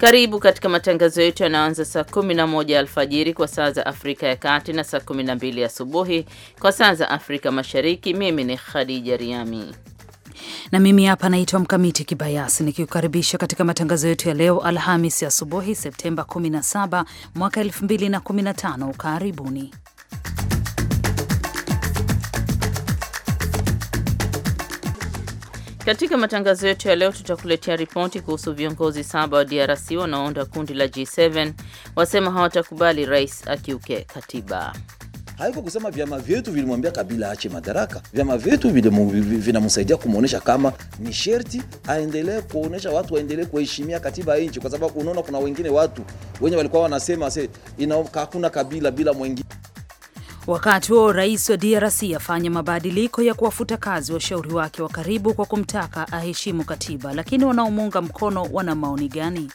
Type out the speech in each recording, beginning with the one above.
Karibu katika matangazo yetu yanayoanza saa 11 alfajiri kwa saa za Afrika ya Kati na saa 12 asubuhi kwa saa za Afrika Mashariki. Mimi ni Khadija Riami na mimi hapa naitwa Mkamiti Kibayasi nikiukaribisha katika matangazo yetu ya leo Alhamis asubuhi Septemba 17 mwaka 2015. Karibuni. Katika matangazo yetu ya leo tutakuletea ripoti kuhusu viongozi saba wa DRC wanaounda kundi la G7 wasema hawatakubali rais akiuke katiba. Haiko kusema vyama vyetu vilimwambia Kabila ache madaraka. Vyama vyetu vinamsaidia kumwonyesha kama ni sherti aendelee kuonyesha watu waendelee kuheshimia katiba ya nchi, kwa sababu unaona kuna wengine watu wenye walikuwa wanasema se hakuna Kabila bila mwengine Wakati huo rais wa DRC afanya mabadiliko ya kuwafuta kazi washauri wake wa karibu kwa kumtaka aheshimu katiba. Lakini wanaomuunga mkono wana maoni gani?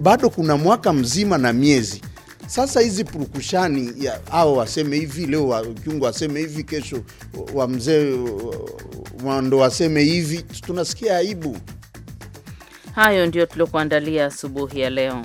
Bado kuna mwaka mzima na miezi sasa hizi purukushani ya hao waseme hivi leo, wakiungu waseme hivi, kesho wa mzee wando waseme hivi, tunasikia aibu. Hayo ndio tuliokuandalia asubuhi ya leo.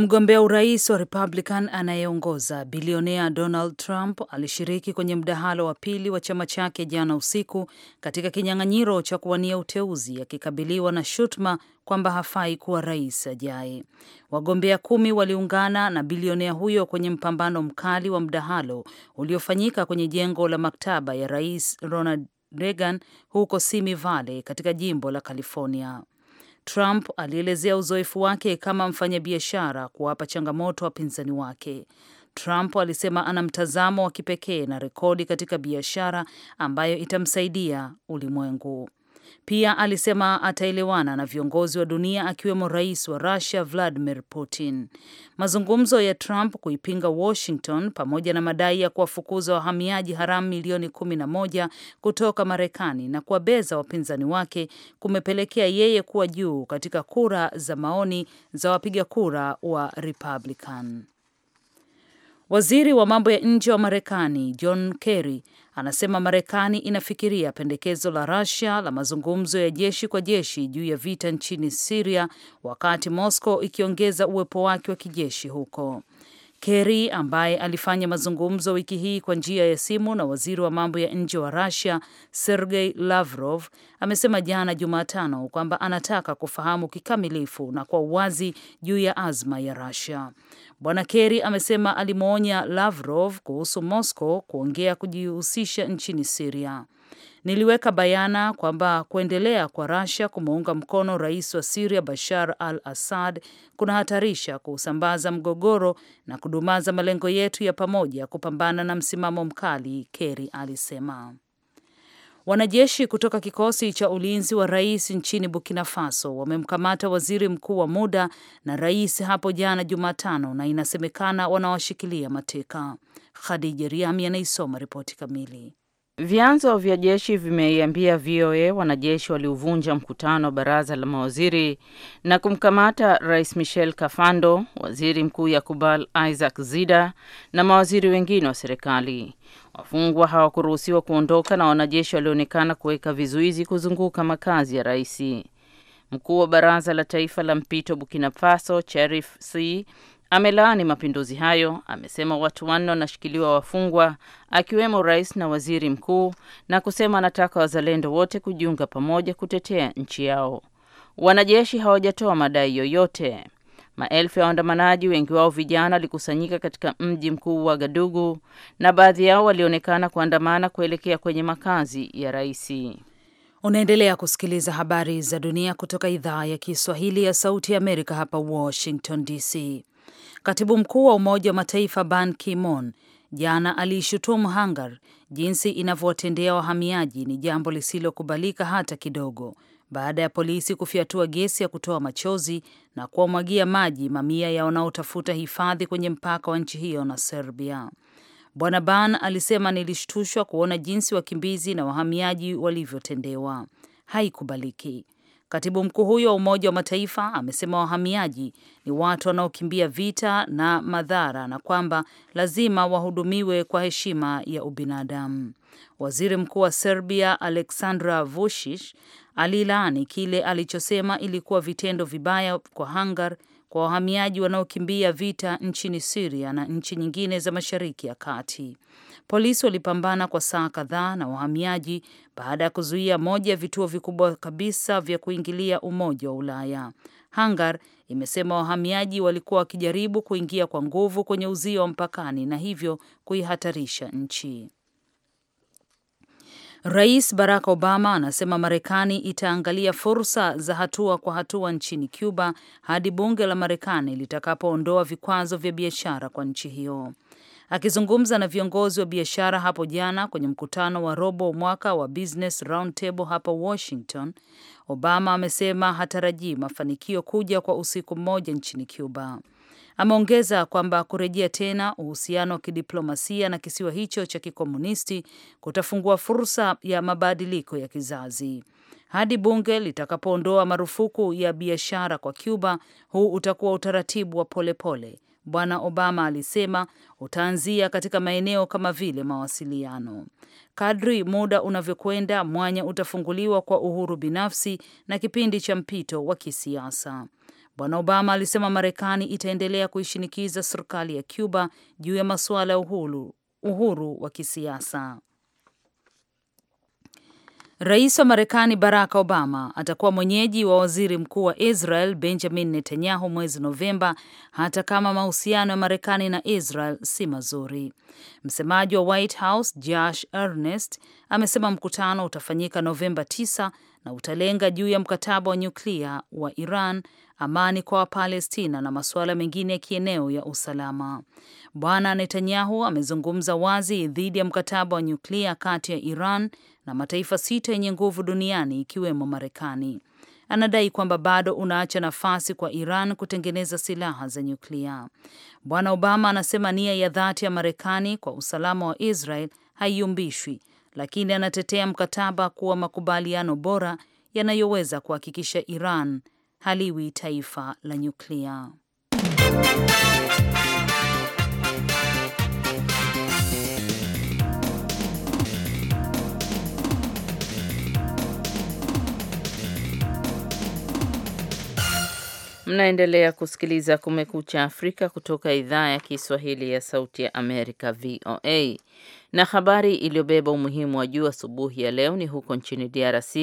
Mgombea urais wa Republican anayeongoza bilionea Donald Trump alishiriki kwenye mdahalo wa pili wa chama chake jana usiku katika kinyang'anyiro cha kuwania uteuzi, akikabiliwa na shutuma kwamba hafai kuwa rais ajaye. Wagombea kumi waliungana na bilionea huyo kwenye mpambano mkali wa mdahalo uliofanyika kwenye jengo la maktaba ya Rais Ronald Reagan huko Simi Valley katika jimbo la California. Trump alielezea uzoefu wake kama mfanyabiashara kuwapa changamoto wapinzani wake. Trump alisema ana mtazamo wa kipekee na rekodi katika biashara ambayo itamsaidia ulimwengu. Pia alisema ataelewana na viongozi wa dunia akiwemo rais wa Russia Vladimir Putin. Mazungumzo ya Trump kuipinga Washington pamoja na madai ya kuwafukuza wahamiaji haramu milioni kumi na moja kutoka Marekani na kuwabeza wapinzani wake kumepelekea yeye kuwa juu katika kura za maoni za wapiga kura wa Republican. Waziri wa mambo ya nje wa Marekani John Kerry anasema Marekani inafikiria pendekezo la rasia la mazungumzo ya jeshi kwa jeshi juu ya vita nchini siria wakati Moscow ikiongeza uwepo wake wa kijeshi huko. Kerry ambaye alifanya mazungumzo wiki hii kwa njia ya simu na waziri wa mambo ya nje wa Russia Sergei Lavrov amesema jana Jumatano kwamba anataka kufahamu kikamilifu na kwa uwazi juu ya azma ya Russia. Bwana Kerry amesema alimwonya Lavrov kuhusu Moscow kuongea kujihusisha nchini Syria. Niliweka bayana kwamba kuendelea kwa Russia kumuunga mkono rais wa siria Bashar al-Assad kunahatarisha kuusambaza mgogoro na kudumaza malengo yetu ya pamoja kupambana na msimamo mkali, Kerry alisema. Wanajeshi kutoka kikosi cha ulinzi wa rais nchini Burkina Faso wamemkamata waziri mkuu wa muda na rais hapo jana Jumatano, na inasemekana wanawashikilia mateka. Khadija Riami anaisoma ripoti kamili. Vyanzo vya jeshi vimeiambia VOA wanajeshi waliuvunja mkutano wa baraza la mawaziri na kumkamata Rais Michel Kafando, Waziri Mkuu Yakubal Isaac Zida na mawaziri wengine wa serikali. Wafungwa hawakuruhusiwa kuondoka na wanajeshi walionekana kuweka vizuizi kuzunguka makazi ya rais. Mkuu wa baraza la taifa la mpito Burkina Faso, Cherif C amelaani mapinduzi hayo. Amesema watu wanne wanashikiliwa wafungwa, akiwemo rais na waziri mkuu, na kusema anataka wazalendo wote kujiunga pamoja kutetea nchi yao. Wanajeshi hawajatoa madai yoyote. Maelfu ya waandamanaji, wengi wao vijana, walikusanyika katika mji mkuu wa Gadugu na baadhi yao walionekana kuandamana kuelekea kwenye makazi ya raisi. Unaendelea kusikiliza habari za dunia kutoka idhaa ya Kiswahili ya Sauti ya Amerika hapa Washington DC. Katibu mkuu wa Umoja wa Mataifa Ban Ki-moon jana aliishutumu Hungary jinsi inavyowatendea wahamiaji ni jambo lisilokubalika hata kidogo, baada ya polisi kufyatua gesi ya kutoa machozi na kuwamwagia maji mamia ya wanaotafuta hifadhi kwenye mpaka wa nchi hiyo na Serbia. Bwana Ban alisema, nilishtushwa kuona jinsi wakimbizi na wahamiaji walivyotendewa. Haikubaliki. Katibu mkuu huyo wa Umoja wa Mataifa amesema wahamiaji ni watu wanaokimbia vita na madhara na kwamba lazima wahudumiwe kwa heshima ya ubinadamu. Waziri Mkuu wa Serbia Aleksandra Vucic alilaani kile alichosema ilikuwa vitendo vibaya kwa Hungar kwa wahamiaji wanaokimbia vita nchini Siria na nchi nyingine za Mashariki ya Kati. Polisi walipambana kwa saa kadhaa na wahamiaji baada ya kuzuia moja ya vituo vikubwa kabisa vya kuingilia Umoja wa Ulaya. Hungar imesema wahamiaji walikuwa wakijaribu kuingia kwa nguvu kwenye uzio wa mpakani na hivyo kuihatarisha nchi. Rais Barack Obama anasema Marekani itaangalia fursa za hatua kwa hatua nchini Cuba hadi bunge la Marekani litakapoondoa vikwazo vya biashara kwa nchi hiyo. Akizungumza na viongozi wa biashara hapo jana kwenye mkutano wa robo mwaka wa Business Roundtable hapa Washington, Obama amesema hatarajii mafanikio kuja kwa usiku mmoja nchini Cuba. Ameongeza kwamba kurejea tena uhusiano wa kidiplomasia na kisiwa hicho cha kikomunisti kutafungua fursa ya mabadiliko ya kizazi. Hadi bunge litakapoondoa marufuku ya biashara kwa Cuba, huu utakuwa utaratibu wa polepole pole Bwana Obama alisema utaanzia katika maeneo kama vile mawasiliano. Kadri muda unavyokwenda, mwanya utafunguliwa kwa uhuru binafsi na kipindi cha mpito wa kisiasa. Bwana Obama alisema Marekani itaendelea kuishinikiza serikali ya Cuba juu ya masuala ya uhuru, uhuru wa kisiasa. Rais wa Marekani Barack Obama atakuwa mwenyeji wa waziri mkuu wa Israel Benjamin Netanyahu mwezi Novemba, hata kama mahusiano ya Marekani na Israel si mazuri. Msemaji wa White House Josh Earnest amesema mkutano utafanyika Novemba 9 na utalenga juu ya mkataba wa nyuklia wa Iran, amani kwa Wapalestina na masuala mengine ya kieneo ya usalama. Bwana Netanyahu amezungumza wazi dhidi ya mkataba wa nyuklia kati ya Iran na mataifa sita yenye nguvu duniani ikiwemo Marekani. Anadai kwamba bado unaacha nafasi kwa Iran kutengeneza silaha za nyuklia. Bwana Obama anasema nia ya dhati ya Marekani kwa usalama wa Israel haiyumbishwi, lakini anatetea mkataba kuwa makubaliano bora yanayoweza kuhakikisha Iran haliwi taifa la nyuklia. Mnaendelea kusikiliza Kumekucha Afrika kutoka idhaa ya Kiswahili ya Sauti ya Amerika, VOA. Na habari iliyobeba umuhimu wa juu asubuhi ya leo ni huko nchini DRC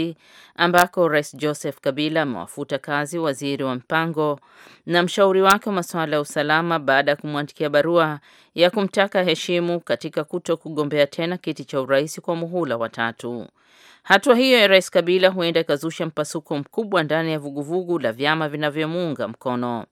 ambako Rais Joseph Kabila amewafuta kazi waziri wa mpango na mshauri wake wa masuala ya usalama baada ya kumwandikia barua ya kumtaka heshimu katika kuto kugombea tena kiti cha urais kwa muhula wa tatu. Hatua hiyo ya Rais Kabila huenda ikazusha mpasuko mkubwa ndani ya vuguvugu la vyama vinavyomuunga mkono.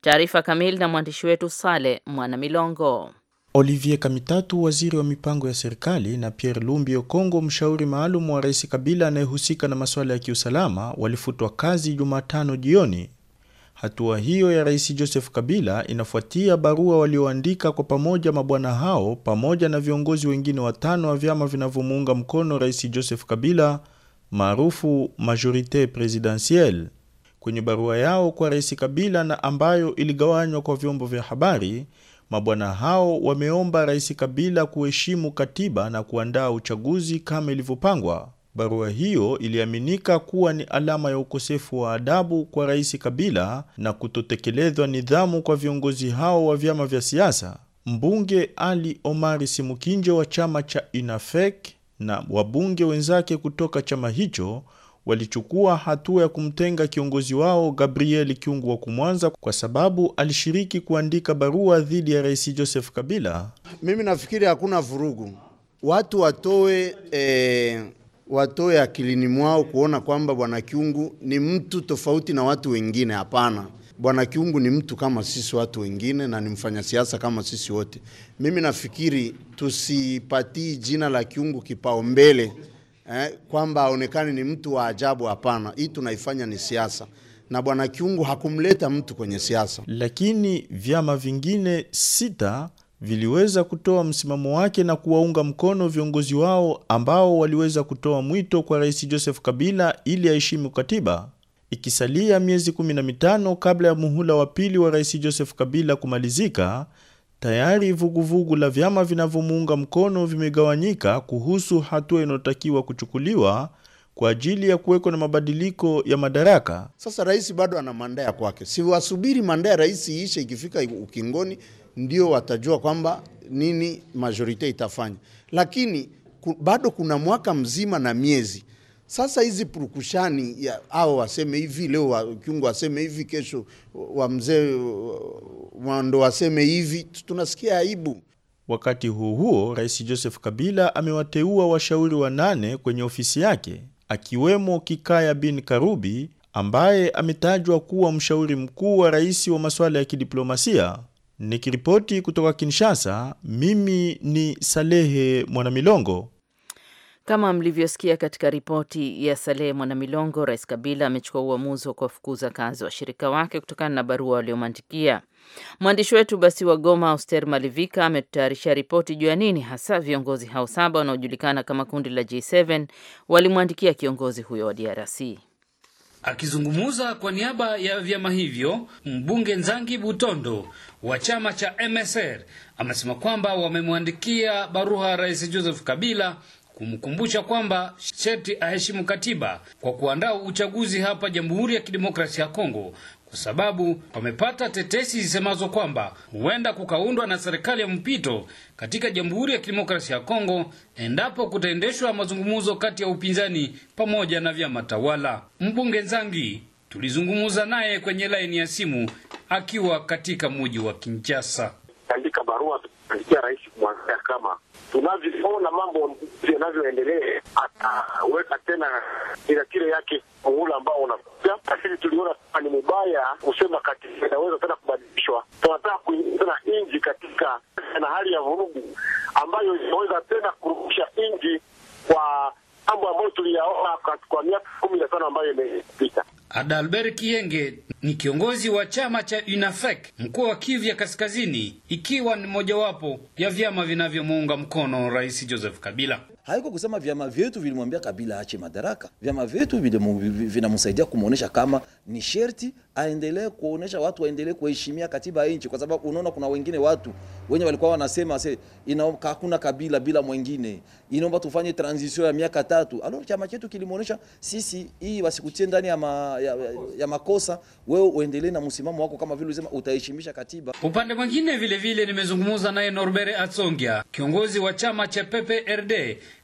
Taarifa kamili na mwandishi wetu Sale Mwanamilongo. Olivier Kamitatu, waziri wa mipango ya serikali, na Pierre Lumbi Okongo, mshauri maalum wa Rais Kabila anayehusika na masuala ya kiusalama, walifutwa kazi Jumatano jioni Hatua hiyo ya Rais Joseph Kabila inafuatia barua walioandika kwa pamoja mabwana hao pamoja na viongozi wengine watano wa vyama vinavyomuunga mkono Rais Joseph Kabila maarufu Majorite Presidentielle. Kwenye barua yao kwa Rais Kabila na ambayo iligawanywa kwa vyombo vya habari, mabwana hao wameomba Rais Kabila kuheshimu katiba na kuandaa uchaguzi kama ilivyopangwa. Barua hiyo iliaminika kuwa ni alama ya ukosefu wa adabu kwa Rais Kabila na kutotekelezwa nidhamu kwa viongozi hao wa vyama vya siasa. Mbunge Ali Omari Simukinje wa chama cha INAFEC na wabunge wenzake kutoka chama hicho walichukua hatua ya kumtenga kiongozi wao Gabriel Kyungu wa Kumwanza kwa sababu alishiriki kuandika barua dhidi ya Rais Joseph Kabila. Mimi nafikiri hakuna vurugu, watu watoe eh watoe akilini mwao kuona kwamba Bwana Kiungu ni mtu tofauti na watu wengine. Hapana, Bwana Kiungu ni mtu kama sisi watu wengine na ni mfanya siasa kama sisi wote. Mimi nafikiri tusipatii jina la Kiungu mbele eh, kwamba aonekane ni mtu wa ajabu. Hapana, hii tunaifanya ni siasa na Bwana Kiungu hakumleta mtu kwenye siasa, lakini vyama vingine sita viliweza kutoa msimamo wake na kuwaunga mkono viongozi wao ambao waliweza kutoa mwito kwa Rais Joseph Kabila ili aheshimu katiba. Ikisalia miezi 15 kabla ya muhula wa pili wa Rais Joseph Kabila kumalizika, tayari vuguvugu vugu la vyama vinavyomuunga mkono vimegawanyika kuhusu hatua inayotakiwa kuchukuliwa kwa ajili ya kuweko na mabadiliko ya madaraka. Sasa rais bado ana manda kwake, siwasubiri manda ya rais iishe, ikifika ukingoni ndio watajua kwamba nini majorite itafanya, lakini bado kuna mwaka mzima na miezi sasa hizi purukushani ya hao waseme hivi leo, wakiungu waseme hivi kesho, wa mzee wando waseme hivi, tunasikia aibu. Wakati huo huo, Rais Joseph Kabila amewateua washauri wanane kwenye ofisi yake, akiwemo Kikaya bin Karubi ambaye ametajwa kuwa mshauri mkuu wa rais wa masuala ya kidiplomasia. Nikiripoti kutoka Kinshasa, mimi ni Salehe Mwanamilongo. Kama mlivyosikia katika ripoti ya Salehe Mwanamilongo, Rais Kabila amechukua uamuzi wa kuwafukuza kazi washirika wake kutokana na barua waliomandikia. Mwandishi wetu basi wa Goma, Auster Malivika, ametayarisha ripoti juu ya nini hasa viongozi hao saba wanaojulikana kama kundi la G7 walimwandikia kiongozi huyo wa DRC. Akizungumza kwa niaba ya vyama hivyo, mbunge Nzangi Butondo wa chama cha MSR amesema kwamba wamemwandikia barua Rais Joseph Kabila kumkumbusha kwamba sheti aheshimu katiba kwa kuandaa uchaguzi hapa Jamhuri ya Kidemokrasia ya Kongo kwa sababu wamepata tetesi zisemazo kwamba huenda kukaundwa na serikali ya mpito katika Jamhuri ya Kidemokrasia ya Kongo endapo kutaendeshwa mazungumzo kati ya upinzani pamoja na vyama tawala. Mbunge Nzangi tulizungumza naye kwenye laini ya simu akiwa katika muji wa Kinshasa kuandikia rais kumwambia kama tunavyoona mambo yanavyoendelea, ataweka tena kila kile yake muhula ambao unakuja, lakini tuliona ni mubaya kusema kati inaweza tena kubadilishwa. Tunataka kuingia tena nji katika na hali ya vurugu ambayo inaweza tena kurudisha nji kwa mambo ambayo tuliyaona kwa miaka kumi na tano ambayo imepita. Adalbert Kienge ni kiongozi wa chama cha UNAFEC mkoa wa Kivu ya Kaskazini, ikiwa ni mojawapo ya vyama vinavyomuunga mkono Rais Joseph Kabila. Haiko kusema vyama vyetu vilimwambia Kabila aache madaraka. Vyama vyetu vinamsaidia kumwonyesha kama ni sherti aendelee kuonesha watu waendelee kuheshimia katiba ya nchi, kwa sababu unaona kuna wengine watu wenye walikuwa wanasema se inaomba hakuna Kabila bila mwingine, inaomba tufanye transition ya miaka tatu. Alors chama chetu kilimwonyesha sisi, hii wasikutie ndani ya, ma, ya, ya ya makosa, wewe uendelee na msimamo wako kama vile ulisema utaheshimisha katiba. Upande mwingine vile vile nimezungumza naye Norbert Atsongia, kiongozi wa chama cha PPRD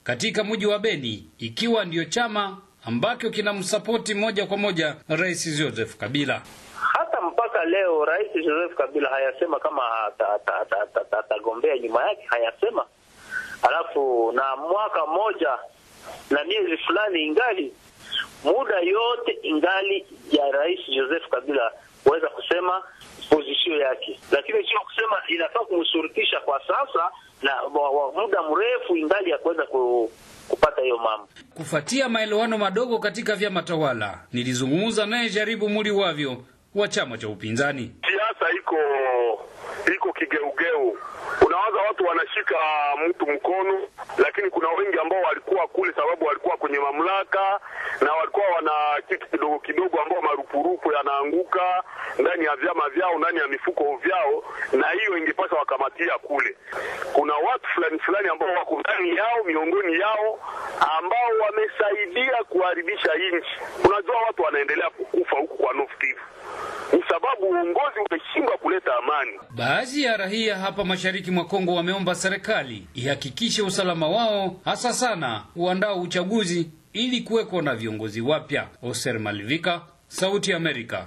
katika mji wa Beni, ikiwa ndiyo chama ambacho kinamsapoti moja kwa moja Rais Joseph Kabila. Hata mpaka leo Rais Joseph Kabila hayasema kama atagombea nyuma yake, hayasema. Alafu na mwaka moja na miezi fulani ingali muda yote ingali ya Rais Joseph Kabila kuweza kusema pozisio yake, lakini sio kusema inafaa kumshurutisha kwa sasa na wa, wa muda mrefu ingali ya kuweza ku, kupata hiyo mambo. Kufuatia maelewano madogo katika vyama tawala, nilizungumza naye Jaribu wavyo wa chama cha upinzani. Siasa iko iko kigeugeu. Unawaza watu wanashika mtu mkono, lakini kuna wengi ambao walikuwa kule sababu walikuwa kwenye mamlaka na walikuwa wana kitu kidogo kidogo, ambao marupurupu yanaanguka ndani ya vyama vyao, ndani ya mifuko vyao, na hiyo ingepasa wakamatia kule. Kuna watu fulani fulani ambao wako ndani yao, miongoni yao, ambao wamesaidia kuharibisha nchi. Unajua watu wanaendelea kukufa huku kwa North Kivu ni sababu uongozi umeshindwa kuleta amani. Baadhi ya raia hapa mashariki mwa Kongo wameomba serikali ihakikishe usalama wao, hasa sana uandao uchaguzi ili kuwekwa na viongozi wapya. Oser Malivika, Sauti ya Amerika.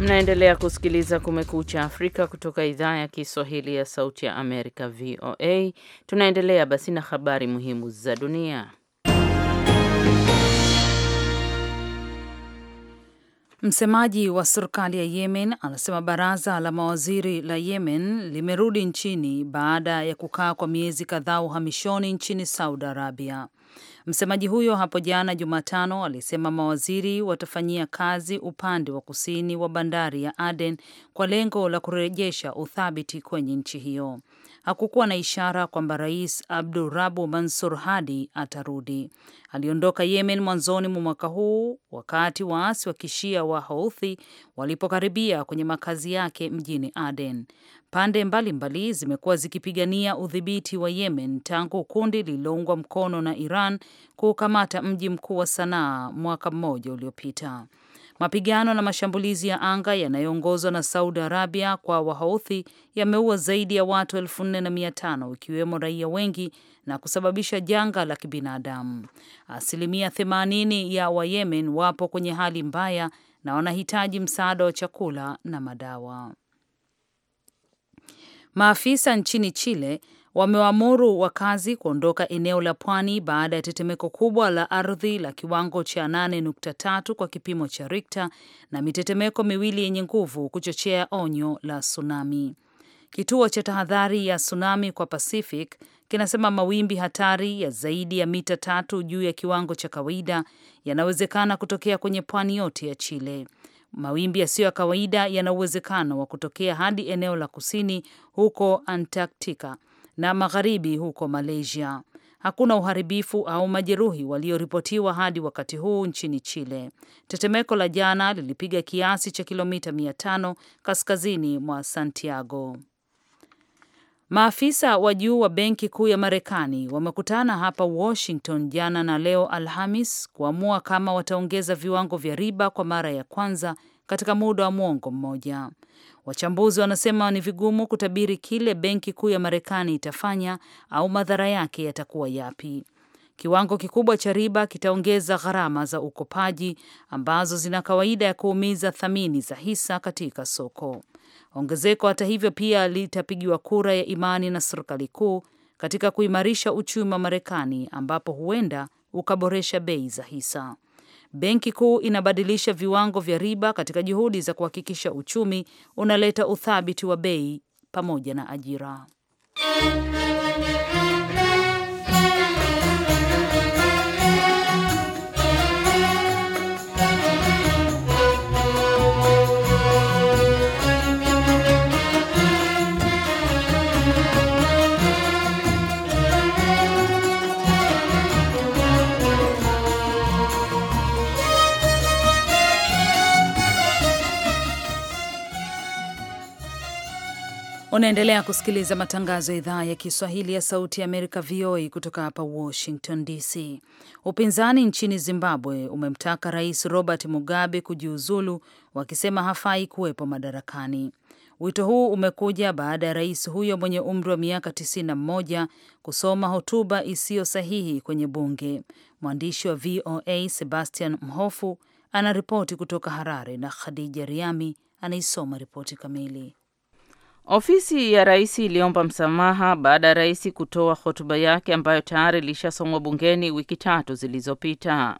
Mnaendelea kusikiliza Kumekucha Afrika kutoka idhaa ya Kiswahili ya Sauti ya Amerika, VOA. Tunaendelea basi na habari muhimu za dunia. Msemaji wa serikali ya Yemen anasema baraza la mawaziri la Yemen limerudi nchini baada ya kukaa kwa miezi kadhaa uhamishoni nchini Saudi Arabia. Msemaji huyo hapo jana Jumatano alisema mawaziri watafanyia kazi upande wa kusini wa bandari ya Aden kwa lengo la kurejesha uthabiti kwenye nchi hiyo. Hakukuwa na ishara kwamba Rais Abdurabu Mansur Hadi atarudi. Aliondoka Yemen mwanzoni mwa mwaka huu wakati waasi wa kishia wa Houthi walipokaribia kwenye makazi yake mjini Aden. Pande mbalimbali zimekuwa zikipigania udhibiti wa Yemen tangu kundi lililoungwa mkono na Iran kuukamata mji mkuu wa Sanaa mwaka mmoja uliopita. Mapigano na mashambulizi ya anga yanayoongozwa na Saudi Arabia kwa Wahouthi yameua zaidi ya watu elfu nne na mia tano ikiwemo raia wengi na kusababisha janga la kibinadamu. Asilimia themanini ya Wayemen wapo kwenye hali mbaya na wanahitaji msaada wa chakula na madawa. Maafisa nchini Chile wamewaamuru wakazi kuondoka eneo la pwani baada ya tetemeko kubwa la ardhi la kiwango cha 8.3 kwa kipimo cha Richter na mitetemeko miwili yenye nguvu kuchochea onyo la tsunami. Kituo cha tahadhari ya tsunami kwa Pacific kinasema mawimbi hatari ya zaidi ya mita tatu juu ya kiwango cha kawaida yanawezekana kutokea kwenye pwani yote ya Chile. Mawimbi yasiyo ya kawaida yana uwezekano wa kutokea hadi eneo la kusini huko Antaktika na magharibi huko Malaysia. Hakuna uharibifu au majeruhi walioripotiwa hadi wakati huu nchini Chile. Tetemeko la jana lilipiga kiasi cha kilomita tano kaskazini mwa Santiago. Maafisa wa juu wa benki kuu ya Marekani wamekutana hapa Washington jana na leo Alhamis kuamua kama wataongeza viwango vya riba kwa mara ya kwanza katika muda wa mwongo mmoja. Wachambuzi wanasema ni vigumu kutabiri kile benki kuu ya Marekani itafanya au madhara yake yatakuwa yapi. Kiwango kikubwa cha riba kitaongeza gharama za ukopaji ambazo zina kawaida ya kuumiza thamani za hisa katika soko. Ongezeko hata hivyo pia litapigiwa kura ya imani na serikali kuu katika kuimarisha uchumi wa Marekani, ambapo huenda ukaboresha bei za hisa. Benki kuu inabadilisha viwango vya riba katika juhudi za kuhakikisha uchumi unaleta uthabiti wa bei pamoja na ajira. Unaendelea kusikiliza matangazo ya idhaa ya Kiswahili ya Sauti ya Amerika, VOA, kutoka hapa Washington DC. Upinzani nchini Zimbabwe umemtaka Rais Robert Mugabe kujiuzulu, wakisema hafai kuwepo madarakani. Wito huu umekuja baada ya rais huyo mwenye umri wa miaka 91 kusoma hotuba isiyo sahihi kwenye bunge. Mwandishi wa VOA Sebastian Mhofu anaripoti kutoka Harare na Khadija Riami anaisoma ripoti kamili. Ofisi ya rais iliomba msamaha baada ya rais kutoa hotuba yake ambayo tayari ilishasomwa bungeni wiki tatu zilizopita.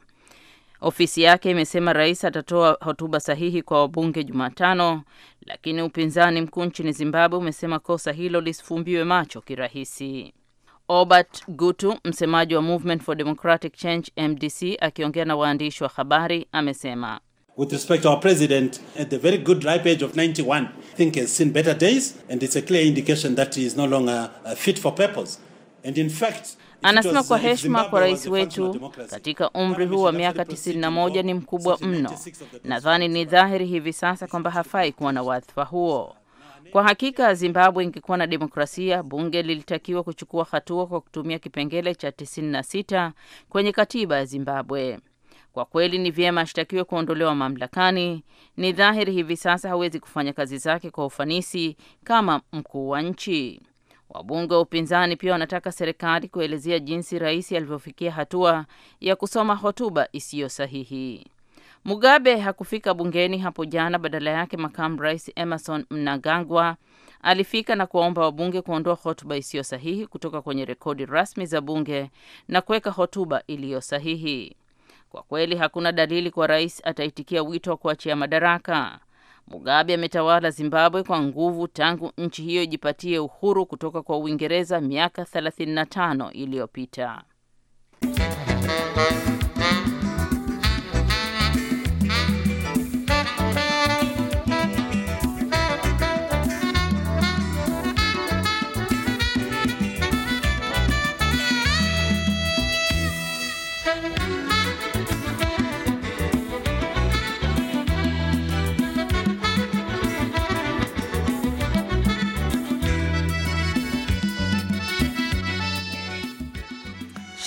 Ofisi yake imesema rais atatoa hotuba sahihi kwa wabunge Jumatano, lakini upinzani mkuu nchini Zimbabwe umesema kosa hilo lisifumbiwe macho kirahisi. Obert Gutu, msemaji wa Movement for Democratic Change MDC, akiongea na waandishi wa habari amesema with respect to our president at the very good ripe age of 91, I think has seen better days, and it's a clear indication that he is no longer uh, fit for purpose. And in fact, Anasema uh, kwa heshima kwa rais wetu katika umri huu wa miaka 91 ni mkubwa mno. Nadhani ni dhahiri hivi sasa kwamba hafai kuwa na wadhifa huo. Kwa hakika Zimbabwe ingekuwa na demokrasia, bunge lilitakiwa kuchukua hatua kwa kutumia kipengele cha 96 kwenye katiba ya Zimbabwe. Kwa kweli ni vyema ashtakiwe kuondolewa mamlakani. Ni dhahiri hivi sasa hawezi kufanya kazi zake kwa ufanisi kama mkuu wa nchi. Wabunge wa upinzani pia wanataka serikali kuelezea jinsi rais alivyofikia hatua ya kusoma hotuba isiyo sahihi. Mugabe hakufika bungeni hapo jana, badala yake makamu rais Emerson Mnangagwa alifika na kuwaomba wabunge kuondoa hotuba isiyo sahihi kutoka kwenye rekodi rasmi za bunge na kuweka hotuba iliyo sahihi. Kwa kweli hakuna dalili kwa rais ataitikia wito wa kuachia madaraka. Mugabe ametawala Zimbabwe kwa nguvu tangu nchi hiyo ijipatie uhuru kutoka kwa Uingereza miaka 35 iliyopita.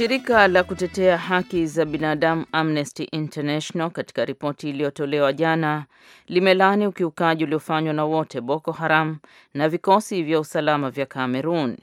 Shirika la kutetea haki za binadamu Amnesty International katika ripoti iliyotolewa jana limelaani ukiukaji uliofanywa na wote Boko Haram na vikosi vya usalama vya Cameroon.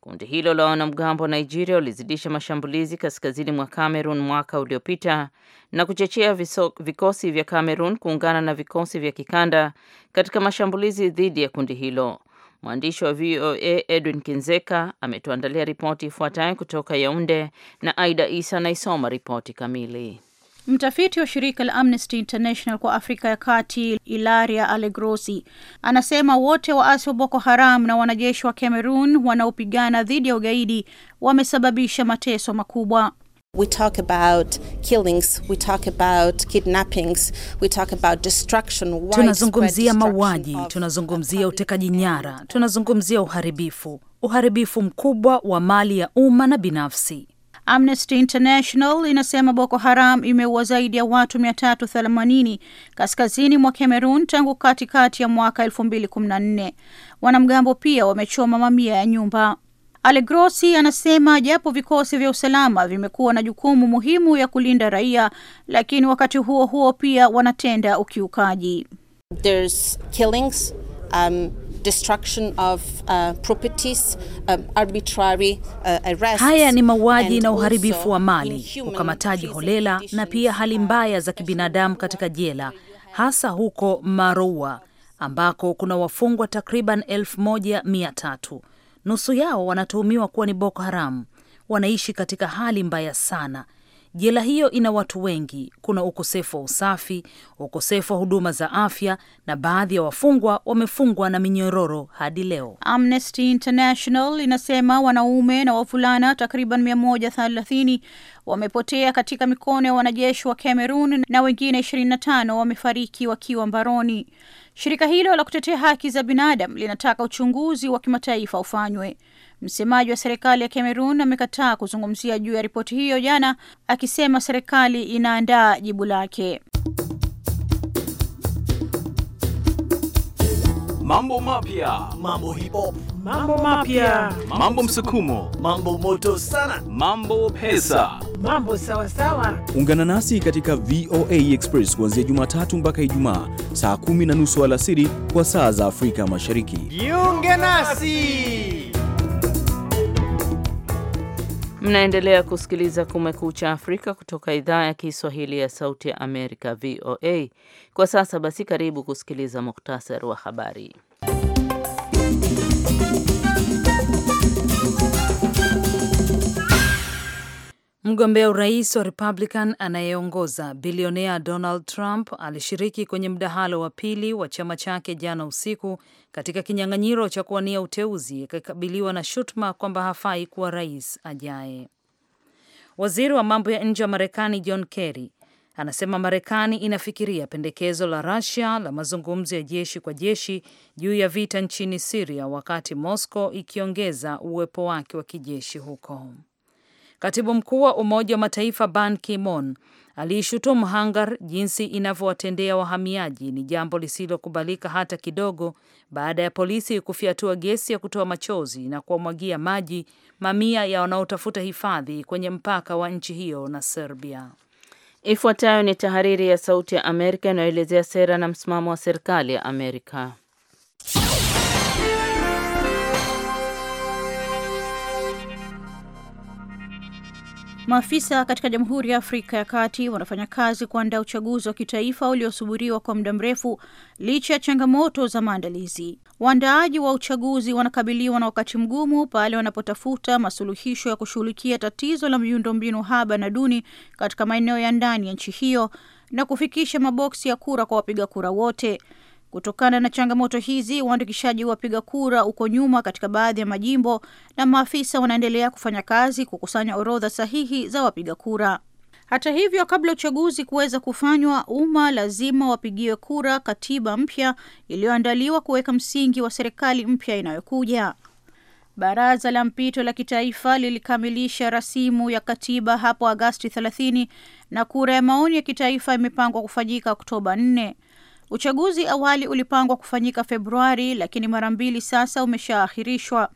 Kundi hilo la wanamgambo wa Nigeria ulizidisha mashambulizi kaskazini mwa Cameroon mwaka uliopita na kuchochea vikosi vya Cameroon kuungana na vikosi vya kikanda katika mashambulizi dhidi ya kundi hilo. Mwandishi wa VOA Edwin Kinzeka ametuandalia ripoti ifuatayo kutoka Yaunde na Aida Isa anaisoma ripoti kamili. Mtafiti wa shirika la Amnesty International kwa Afrika ya Kati, Ilaria alegrosi anasema wote waasi wa Boko Haram na wanajeshi wa Cameroon wanaopigana dhidi ya ugaidi wamesababisha mateso makubwa. We talk about killings, we talk about kidnappings, we talk about destruction. Tunazungumzia mauaji, tunazungumzia utekaji nyara, tunazungumzia uharibifu, uharibifu mkubwa wa mali ya umma na binafsi. Amnesty International inasema Boko Haram imeua zaidi ya watu 380 kaskazini mwa Cameroon tangu katikati ya mwaka 2014. Wanamgambo pia wamechoma mamia ya nyumba alegrosi anasema japo vikosi vya usalama vimekuwa na jukumu muhimu ya kulinda raia, lakini wakati huo huo pia wanatenda ukiukaji. There's killings, um, destruction of uh, properties, um, arbitrary, uh, arrests. Haya ni mauaji na uharibifu wa mali, ukamataji holela na pia hali mbaya za kibinadamu katika jela, hasa huko Maroua ambako kuna wafungwa takriban elfu moja mia tatu. Nusu yao wanatuhumiwa kuwa ni Boko Haram. Wanaishi katika hali mbaya sana Jela hiyo ina watu wengi, kuna ukosefu wa usafi, ukosefu wa huduma za afya, na baadhi ya wafungwa wamefungwa na minyororo hadi leo. Amnesty International inasema wanaume na wavulana takriban 130 wamepotea katika mikono ya wanajeshi wa Cameroon na wengine 25 wamefariki wakiwa mbaroni. Shirika hilo la kutetea haki za binadamu linataka uchunguzi wa kimataifa ufanywe. Msemaji wa serikali ya Cameroon amekataa kuzungumzia juu ya ripoti hiyo jana, akisema serikali inaandaa jibu lake. Mambo mapya, mambo hip hop, mambo mapya, mambo msukumo, mambo moto sana, mambo pesa, mambo sawa sawa. Ungana nasi katika VOA Express kuanzia Jumatatu mpaka Ijumaa saa kumi na nusu alasiri kwa saa za Afrika Mashariki. Jiunge nasi. Mnaendelea kusikiliza Kumekucha Afrika kutoka idhaa ya Kiswahili ya Sauti ya Amerika, VOA. Kwa sasa basi, karibu kusikiliza muktasari wa habari. Mgombea urais wa Republican anayeongoza bilionea Donald Trump alishiriki kwenye mdahalo wa pili wa chama chake jana usiku katika kinyang'anyiro cha kuwania uteuzi, akikabiliwa na shutuma kwamba hafai kuwa rais ajaye. Waziri wa mambo ya nje wa Marekani John Kerry anasema Marekani inafikiria pendekezo la rasia la mazungumzo ya jeshi kwa jeshi juu ya vita nchini Siria, wakati Moscow ikiongeza uwepo wake wa kijeshi huko. Katibu mkuu wa Umoja wa Mataifa Ban Ki-moon aliishutumu Hungar jinsi inavyowatendea wahamiaji ni jambo lisilokubalika hata kidogo, baada ya polisi kufyatua gesi ya kutoa machozi na kuwamwagia maji mamia ya wanaotafuta hifadhi kwenye mpaka wa nchi hiyo na Serbia. Ifuatayo ni tahariri ya Sauti ya Amerika inayoelezea sera na msimamo wa serikali ya Amerika. Maafisa katika Jamhuri ya Afrika ya Kati wanafanya kazi kuandaa uchaguzi wa kitaifa uliosubiriwa kwa muda mrefu licha ya changamoto za maandalizi. Waandaaji wa uchaguzi wanakabiliwa na wakati mgumu pale wanapotafuta masuluhisho ya kushughulikia tatizo la miundombinu haba na duni katika maeneo ya ndani ya nchi hiyo na kufikisha maboksi ya kura kwa wapiga kura wote. Kutokana na changamoto hizi, uandikishaji wa wapiga kura uko nyuma katika baadhi ya majimbo na maafisa wanaendelea kufanya kazi kukusanya orodha sahihi za wapiga kura. Hata hivyo, kabla uchaguzi kuweza kufanywa, umma lazima wapigiwe kura katiba mpya iliyoandaliwa kuweka msingi wa serikali mpya inayokuja. Baraza la mpito la kitaifa lilikamilisha rasimu ya katiba hapo Agasti 30 na kura ya maoni ya kitaifa imepangwa kufanyika Oktoba 4. Uchaguzi awali ulipangwa kufanyika Februari, lakini mara mbili sasa umeshaahirishwa.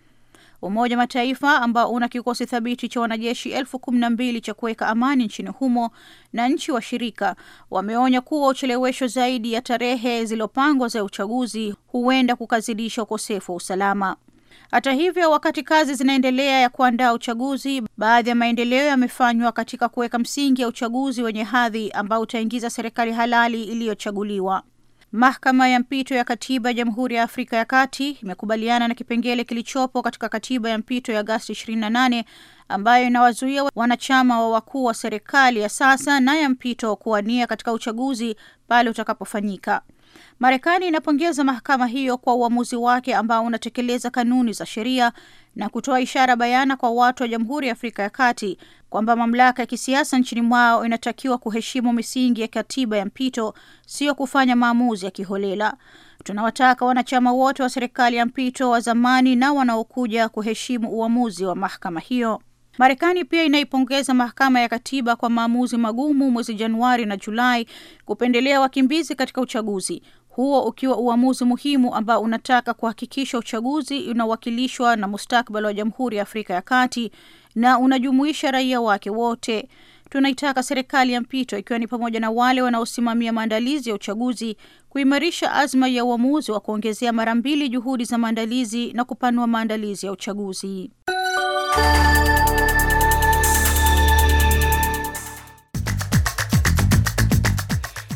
Umoja wa Mataifa ambao una kikosi thabiti cha wanajeshi elfu kumi na mbili cha kuweka amani nchini humo na nchi washirika wameonya kuwa uchelewesho zaidi ya tarehe zilizopangwa za uchaguzi huenda kukazidisha ukosefu wa usalama. Hata hivyo, wakati kazi zinaendelea ya kuandaa uchaguzi, baadhi ya maendeleo yamefanywa katika kuweka msingi ya uchaguzi wenye hadhi ambao utaingiza serikali halali iliyochaguliwa. Mahakama ya mpito ya katiba ya Jamhuri ya Afrika ya Kati imekubaliana na kipengele kilichopo katika katiba ya mpito ya Agosti 28 ambayo inawazuia wanachama wa wakuu wa serikali ya sasa na ya mpito kuwania katika uchaguzi pale utakapofanyika. Marekani inapongeza mahakama hiyo kwa uamuzi wake ambao unatekeleza kanuni za sheria na kutoa ishara bayana kwa watu wa Jamhuri ya Afrika ya Kati kwamba mamlaka ya kisiasa nchini mwao inatakiwa kuheshimu misingi ya katiba ya mpito, sio kufanya maamuzi ya kiholela. Tunawataka wanachama wote wa serikali ya mpito wa zamani na wanaokuja kuheshimu uamuzi wa mahakama hiyo. Marekani pia inaipongeza mahakama ya katiba kwa maamuzi magumu mwezi Januari na Julai kupendelea wakimbizi katika uchaguzi huo ukiwa uamuzi muhimu ambao unataka kuhakikisha uchaguzi unawakilishwa na mustakbali wa Jamhuri ya Afrika ya Kati na unajumuisha raia wake wote. Tunaitaka serikali ya mpito ikiwa ni pamoja na wale wanaosimamia maandalizi ya uchaguzi kuimarisha azma ya uamuzi wa kuongezea mara mbili juhudi za maandalizi na kupanua maandalizi ya uchaguzi.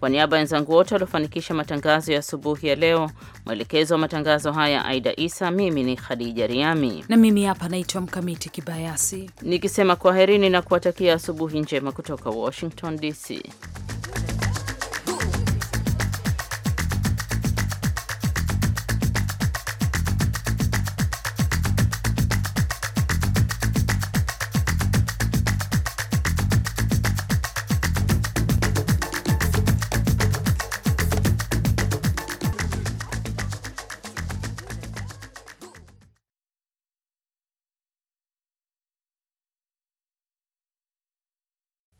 Kwa niaba ya wenzangu wote waliofanikisha matangazo ya asubuhi ya leo, mwelekezo wa matangazo haya Aida Isa, mimi ni Khadija Riami na mimi hapa naitwa Mkamiti Kibayasi nikisema kwaherini na kuwatakia asubuhi njema kutoka Washington DC.